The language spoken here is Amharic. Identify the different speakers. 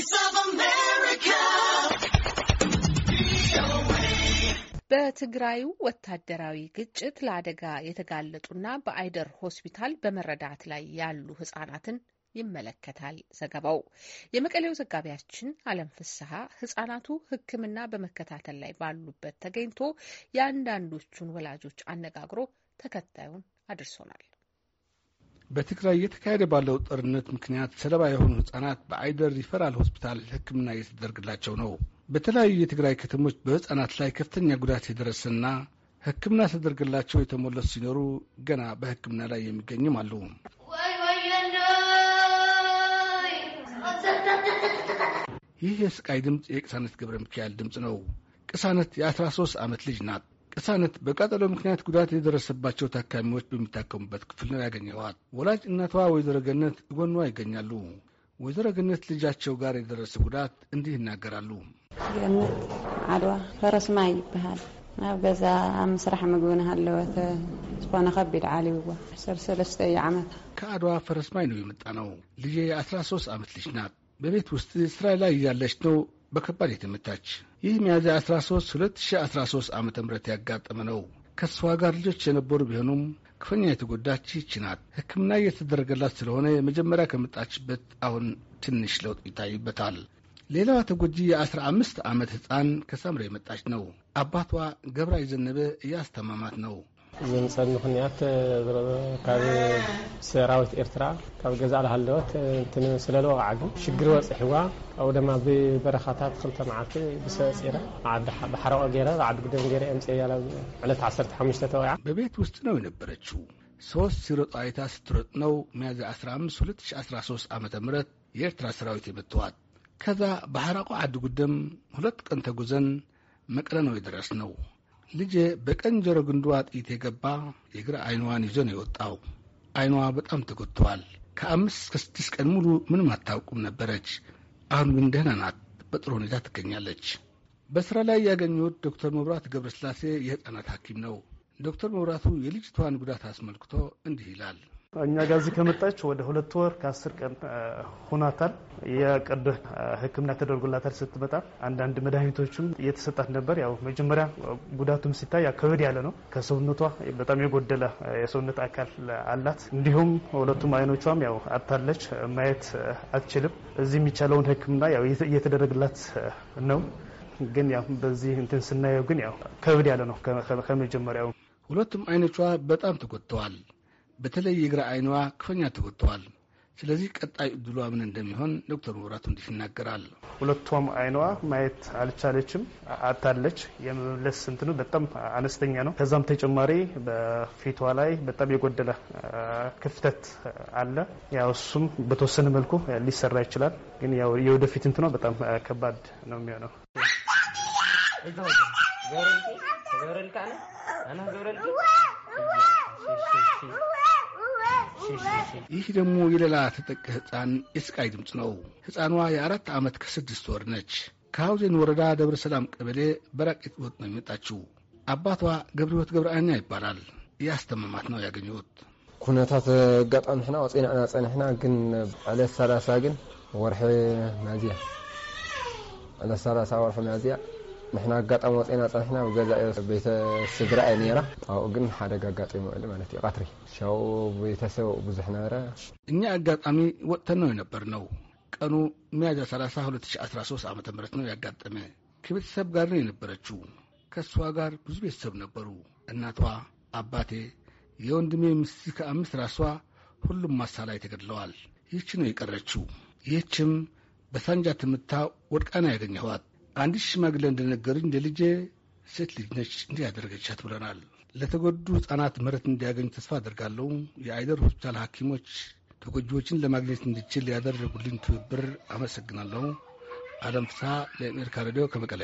Speaker 1: Voice of America. በትግራዩ ወታደራዊ ግጭት ለአደጋ የተጋለጡና በአይደር ሆስፒታል በመረዳት ላይ ያሉ ህጻናትን ይመለከታል ዘገባው። የመቀሌው ዘጋቢያችን አለም ፍስሀ ህጻናቱ ሕክምና በመከታተል ላይ ባሉበት ተገኝቶ የአንዳንዶቹን ወላጆች አነጋግሮ ተከታዩን አድርሶናል። በትግራይ እየተካሄደ ባለው ጦርነት ምክንያት ሰለባ የሆኑ ህጻናት በአይደር ሪፈራል ሆስፒታል ሕክምና እየተደረገላቸው ነው። በተለያዩ የትግራይ ከተሞች በህጻናት ላይ ከፍተኛ ጉዳት የደረሰና ሕክምና ተደርገላቸው የተሞለሱ ሲኖሩ ገና በሕክምና ላይ የሚገኝም አሉ። ይህ የስቃይ ድምፅ የቅሳነት ገብረ ሚካኤል ድምፅ ነው። ቅሳነት የ13 ዓመት ልጅ ናት። ቅሳነት በቃጠሎ ምክንያት ጉዳት የደረሰባቸው ታካሚዎች በሚታከሙበት ክፍል ነው ያገኘዋል። ወላጅ እናቷ ወይዘሮ ገነት ጎኗ ይገኛሉ። ወይዘሮ ገነት ልጃቸው ጋር የደረሰ ጉዳት እንዲህ ይናገራሉ። ገነት አድዋ
Speaker 2: ፈረስማ ይበሃል ኣብ ገዛ ኣብ ምስራሕ ምግቢ ንሃለወተ ዝኾነ ከቢድ ዓልይዋ ዕስር
Speaker 1: ሰለስተ እዩ ዓመት ከዓድዋ ፈረስማይ ነው የመጣ ነው። ልጄ የ13 ዓመት ልጅ ናት። በቤት ውስጥ ስራ ላይ እያለች ነው በከባድ የተመታች። ይህ ሚያዝያ 13 2013 ዓ ም ያጋጠመ ነው። ከእሷ ጋር ልጆች የነበሩ ቢሆኑም ክፉኛ የተጎዳች ይህች ናት። ሕክምና እየተደረገላት ስለሆነ የመጀመሪያ ከመጣችበት አሁን ትንሽ ለውጥ ይታይበታል። ሌላዋ ተጎጂ የ15 ዓመት ሕፃን ከሳምረ የመጣች ነው። አባቷ ገብራ የዘነበ እያስተማማት ነው።
Speaker 2: ብንፀኒ ኩንያት ካብ ሰራዊት ኤርትራ ካብ ገዛ ዝሃለወት ስለለዎ ዓዲ ሽግር በፅሕዋ ካብኡ ድማ ብበረኻታት ክልተ መዓልቲ ብሰፂረ ብሓረቆ ገይረ ብዓዲ ግደም ገይረ እምፅያላ ዕለት 15 ተወያ በቤት ውስጥ ነው የነበረችው። ሶስት
Speaker 1: ሲሮጣዊታ ስትሮጥ ነው ሚያዝያ 15 2013 ዓ ም የኤርትራ ሰራዊት የመተዋት። ከዛ በሐራቆ ዓዲ ጉደም ሁለት ቀን ተጉዘን መቀለ ነው የደረስነው። ልጄ በቀንጀሮ ግንዷ ጥይት የገባ የግራ አይኗን ይዞ ነው የወጣው። አይኗ በጣም ተጎድተዋል። ከአምስት እስከ ስድስት ቀን ሙሉ ምንም አታውቁም ነበረች። አሁን ግን ደህና ናት፣ በጥሩ ሁኔታ ትገኛለች። በስራ ላይ ያገኙት ዶክተር መብራት ገብረስላሴ የህፃናት ሐኪም ነው። ዶክተር መብራቱ የልጅቷን ጉዳት አስመልክቶ እንዲህ ይላል።
Speaker 2: እኛ ጋር እዚህ ከመጣች ወደ ሁለት ወር ከአስር ቀን ሆኗታል። የቀዶ ሕክምና ተደርጎላታል። ስትመጣ አንዳንድ መድኃኒቶችም እየተሰጣት ነበር። ያው መጀመሪያ ጉዳቱም ሲታይ ከበድ ያለ ነው። ከሰውነቷ በጣም የጎደለ የሰውነት አካል አላት። እንዲሁም ሁለቱም አይኖቿም ያው አታለች፣ ማየት አትችልም። እዚህ የሚቻለውን ሕክምና ያው እየተደረገላት ነው። ግን ያው በዚህ እንትን ስናየው ግን ያው ከበድ ያለ ነው ከመጀመሪያው። ሁለቱም አይኖቿ በጣም ተጎድተዋል።
Speaker 1: በተለይ የግራ አይንዋ ክፈኛ ተጎድተዋል። ስለዚህ ቀጣይ እድሏ ምን እንደሚሆን ዶክተር ምራቱ እንዲህ ይናገራል።
Speaker 2: ሁለቷም አይኗ ማየት አልቻለችም፣ አታለች። የመመለስ ስንትኑ በጣም አነስተኛ ነው። ከዛም ተጨማሪ በፊቷ ላይ በጣም የጎደለ ክፍተት አለ። ያው እሱም በተወሰነ መልኩ ሊሰራ ይችላል፣ ግን ያው የወደፊት እንትኗ በጣም ከባድ ነው የሚሆነው።
Speaker 1: ይህ ደግሞ የሌላ ተጠቂ ህፃን የስቃይ ድምፅ ነው። ህፃኗ የአራት ዓመት ከስድስት ወር ነች። ከሐውዜን ወረዳ ደብረ ሰላም ቀበሌ በራቄት ወጥ ነው የመጣችው። አባቷ ገብረ ሕይወት ገብረአኛ ይባላል። የአስተማማት ነው ያገኘሁት ኩነታት ኣጋጣሚሕና ወፂናዕና ፀኒሕና ግን ዕለት ሰላሳ ግን ወርሒ መያዝያ ዕለት ሰላሳ ወርሒ መያዝያ ንሕና ኣጋጣሚ ወፅና ፀኒሕና ገዛ ቤተ ስድራ እየ ነራ ኣብኡ ግን ሓደጋ ኣጋጢሙ ውዕሊ ማለት እዩ ቀትሪ ሻው ቤተሰብ ብዙሕ ነበረ እኛ ኣጋጣሚ ወጥተን ነው የነበር ቀኑ ሚያዝያ 3 2013 ዓ ም ነው ያጋጠመ ከቤተሰብ ጋር ነው የነበረችው ከእሷ ጋር ብዙ ቤተሰብ ነበሩ እናቷ አባቴ የወንድሜ ምስቲ ከአምስት ራሷ ሁሉም ማሳላይ ተገድለዋል ይህች ነው የቀረችው ይህችም በሳንጃ ትምታ ወድቃና ያገኘኋት አንዲት ሽማግሌ እንደነገሩኝ ለልጄ ሴት ልጅ ነች እንዲህ ያደረገቻት ብለናል። ለተጎዱ ህጻናት ምሕረት እንዲያገኙ ተስፋ አደርጋለሁ። የአይደር ሆስፒታል ሐኪሞች ተጎጂዎችን ለማግኘት እንዲችል ያደረጉልኝ ትብብር አመሰግናለሁ። አለም ፍስሐ ለአሜሪካ ሬዲዮ ከመቀለ